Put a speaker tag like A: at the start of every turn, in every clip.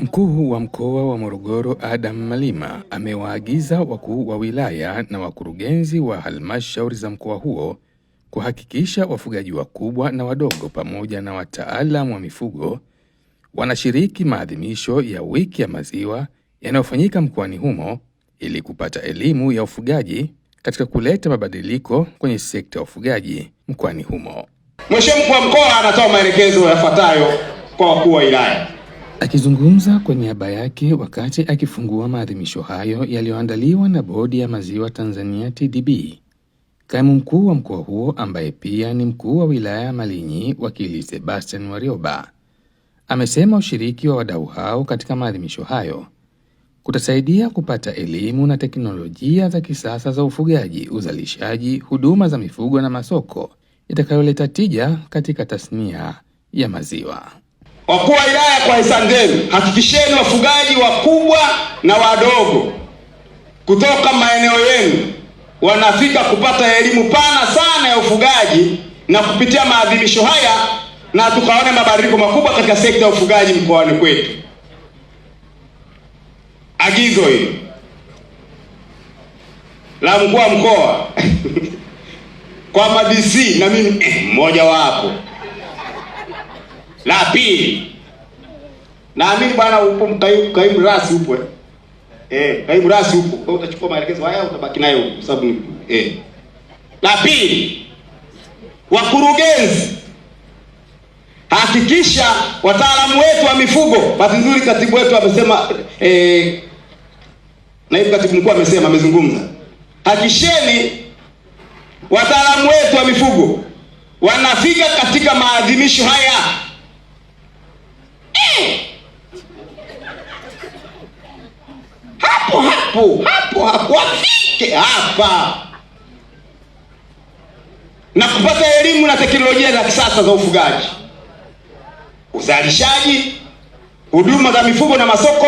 A: Mkuu wa Mkoa wa Morogoro Adam Malima amewaagiza wakuu wa wilaya na wakurugenzi wa halmashauri za mkoa huo kuhakikisha wafugaji wakubwa na wadogo pamoja na wataalamu wa mifugo wanashiriki maadhimisho ya Wiki ya Maziwa yanayofanyika mkoani humo ili kupata elimu ya ufugaji katika kuleta mabadiliko kwenye sekta ya ufugaji mkoani humo.
B: Mheshimiwa Mkuu wa Mkoa anatoa maelekezo yafuatayo kwa wakuu wa wilaya.
A: Akizungumza kwa niaba yake wakati akifungua maadhimisho hayo yaliyoandaliwa na Bodi ya Maziwa Tanzania TDB, kaimu mkuu wa mkoa huo ambaye pia ni mkuu wa wilaya ya Malinyi, wakili Sebastian Warioba amesema ushiriki wa wadau hao katika maadhimisho hayo kutasaidia kupata elimu na teknolojia za kisasa za ufugaji, uzalishaji, huduma za mifugo na masoko itakayoleta tija katika tasnia ya maziwa.
B: Wakuu wa wilaya, kwa hisani hakikisheni wafugaji wakubwa na wadogo kutoka maeneo yenu wanafika kupata elimu pana sana ya ufugaji na kupitia maadhimisho haya, na tukaone mabadiliko makubwa katika sekta ya ufugaji mkoani kwetu. Agizo hili la mkuu wa mkoa kwa madisi na mimi eh, mmoja wapo la pili, naamini bwana upo mkaimu, kaimu rasi upo eh. Eh, kaimu rasi upo. Kwa utachukua maelekezo haya utabaki nayo kwa sababu eh. La pili, wakurugenzi hakikisha wataalamu wetu wa mifugo. Basi nzuri katibu wetu amesema eh, naibu katibu mkuu amesema, amezungumza. Hakisheni wataalamu wetu wa mifugo wanafika katika maadhimisho haya. hapo hapo hapo, wafike hapa na kupata elimu na teknolojia za kisasa za ufugaji, uzalishaji, huduma za mifugo na masoko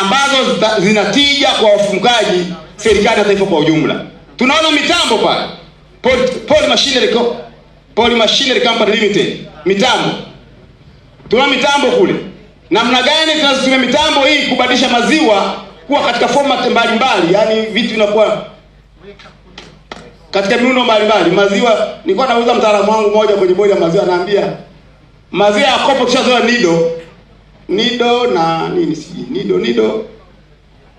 B: ambazo zinatija kwa wafugaji, serikali na taifa kwa ujumla. Tunaona mitambo pale Paul Machinery Paul Machinery Company Limited, mitambo tuna mitambo kule, namna gani tunazitumia mitambo hii kubadilisha maziwa kuwa katika format mbalimbali, yani vitu vinakuwa katika miundo mbalimbali. Maziwa nilikuwa nauza, mtaalamu wangu mmoja kwenye bodi ya maziwa anaambia maziwa ya kopo tushazoea nido nido na nini si nido nido.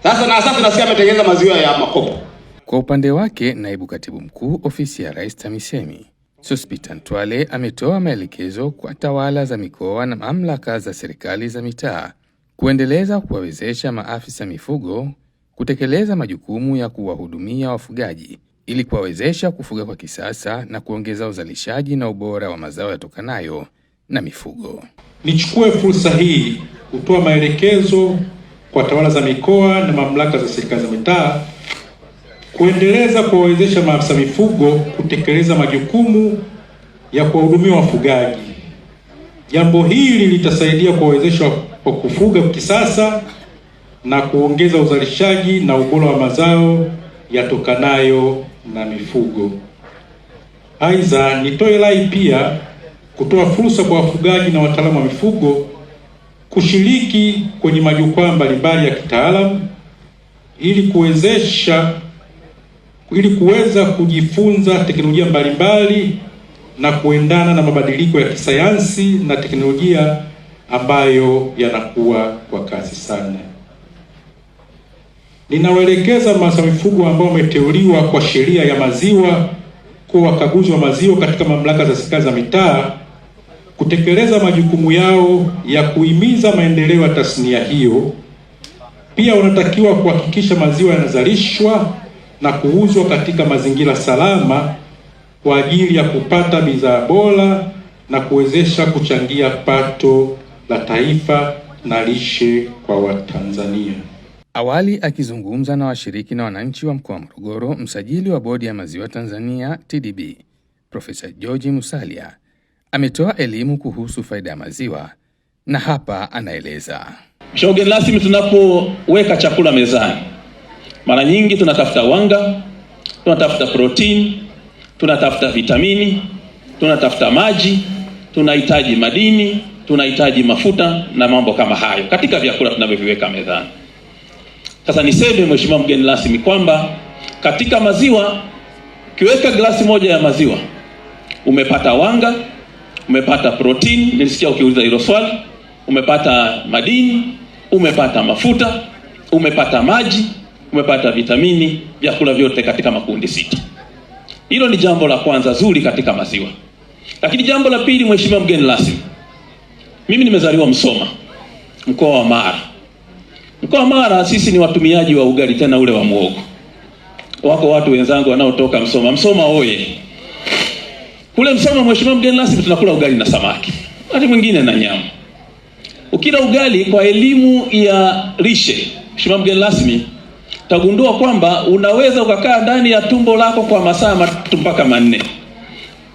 B: Sasa na sasa tunasikia ametengeneza maziwa ya makopo.
A: Kwa upande wake, naibu katibu mkuu ofisi ya Rais TAMISEMI sospita Ntwale ametoa maelekezo kwa tawala za mikoa na mamlaka za serikali za mitaa kuendeleza kuwawezesha maafisa mifugo kutekeleza majukumu ya kuwahudumia wafugaji ili kuwawezesha kufuga kwa kisasa na kuongeza uzalishaji na ubora wa mazao yatokanayo na mifugo.
C: Nichukue fursa hii kutoa maelekezo kwa tawala za mikoa na mamlaka za serikali za mitaa kuendeleza kuwawezesha maafisa mifugo kutekeleza majukumu ya kuwahudumia wafugaji. Jambo hili litasaidia kuwawezesha kwa kufuga kisasa na kuongeza uzalishaji na ubora wa mazao yatokanayo na mifugo. Aidha, nitoe rai pia kutoa fursa kwa wafugaji na wataalamu wa mifugo kushiriki kwenye majukwaa mbalimbali ya kitaalamu ili kuwezesha ili kuweza kujifunza teknolojia mbalimbali na kuendana na mabadiliko ya kisayansi na teknolojia ambayo yanakuwa kwa kasi sana. Ninawaelekeza maafisa mifugo ambao wameteuliwa kwa sheria ya maziwa kuwa wakaguzi wa maziwa katika mamlaka za serikali za mitaa kutekeleza majukumu yao ya kuhimiza maendeleo ya tasnia hiyo. Pia wanatakiwa kuhakikisha maziwa yanazalishwa na kuuzwa katika mazingira salama kwa ajili ya kupata bidhaa bora na kuwezesha kuchangia pato la taifa na lishe kwa Watanzania.
A: Awali akizungumza na washiriki na wananchi wa mkoa wa Morogoro, msajili wa bodi ya maziwa Tanzania TDB Profesa George Musalia ametoa elimu kuhusu faida ya maziwa na hapa anaeleza.
B: Mheshimiwa mgeni rasmi, tunapoweka chakula mezani, mara nyingi tunatafuta wanga, tunatafuta protini, tunatafuta vitamini, tunatafuta maji, tunahitaji madini tunahitaji mafuta na mambo kama hayo katika vyakula tunavyoviweka mezani. Sasa niseme mheshimiwa mgeni rasmi kwamba katika maziwa ukiweka glasi moja ya maziwa umepata wanga, umepata protini, nilisikia ukiuliza hilo swali, umepata madini, umepata mafuta, umepata maji, umepata vitamini, vyakula vyote katika makundi sita. Hilo ni jambo la kwanza zuri katika maziwa. Lakini jambo la pili, mheshimiwa mgeni rasmi mimi nimezaliwa Msoma, mkoa wa Mara. Mkoa wa Mara sisi ni watumiaji wa ugali, tena ule wa muogo. Wako watu wenzangu wanaotoka Msoma. Msoma oye! Kule Msoma, mheshimiwa mgeni rasmi, tunakula ugali na samaki, wakati mwingine na nyama. Ukila ugali kwa elimu ya lishe, mheshimiwa mgeni rasmi, tagundua kwamba unaweza ukakaa ndani ya tumbo lako kwa masaa matatu mpaka manne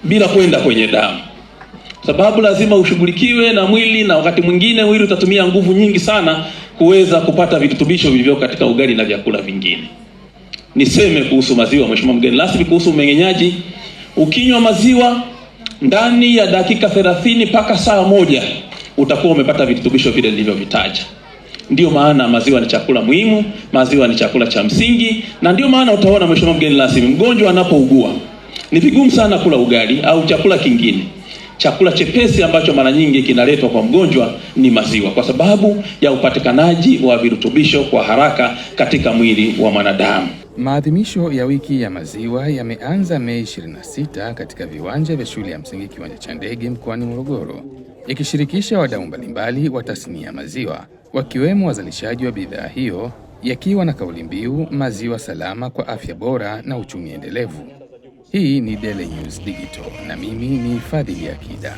B: bila kwenda kwenye damu sababu lazima ushughulikiwe na mwili, na wakati mwingine mwili utatumia nguvu nyingi sana kuweza kupata virutubisho vilivyo katika ugali na vyakula vingine. Niseme kuhusu maziwa, mheshimiwa mgeni rasmi, kuhusu mmeng'enyaji, ukinywa maziwa ndani ya dakika 30 mpaka saa moja utakuwa umepata virutubisho vile nilivyovitaja. Ndiyo maana maziwa ni chakula muhimu, maziwa ni chakula cha msingi, na ndiyo maana utaona mheshimiwa mgeni rasmi, mgonjwa anapougua ni vigumu sana kula ugali au chakula kingine chakula chepesi ambacho mara nyingi kinaletwa kwa mgonjwa ni maziwa, kwa sababu ya upatikanaji wa virutubisho kwa haraka katika mwili wa mwanadamu.
A: Maadhimisho ya wiki ya maziwa yameanza Mei 26 katika viwanja vya shule ya msingi Kiwanja cha Ndege mkoani Morogoro, yakishirikisha wadau mbalimbali wa tasnia ya maziwa, wakiwemo wazalishaji wa bidhaa hiyo, yakiwa na kauli mbiu maziwa salama kwa afya bora na uchumi endelevu. Hii ni Daily News Digital na mimi ni Fadhili Akida.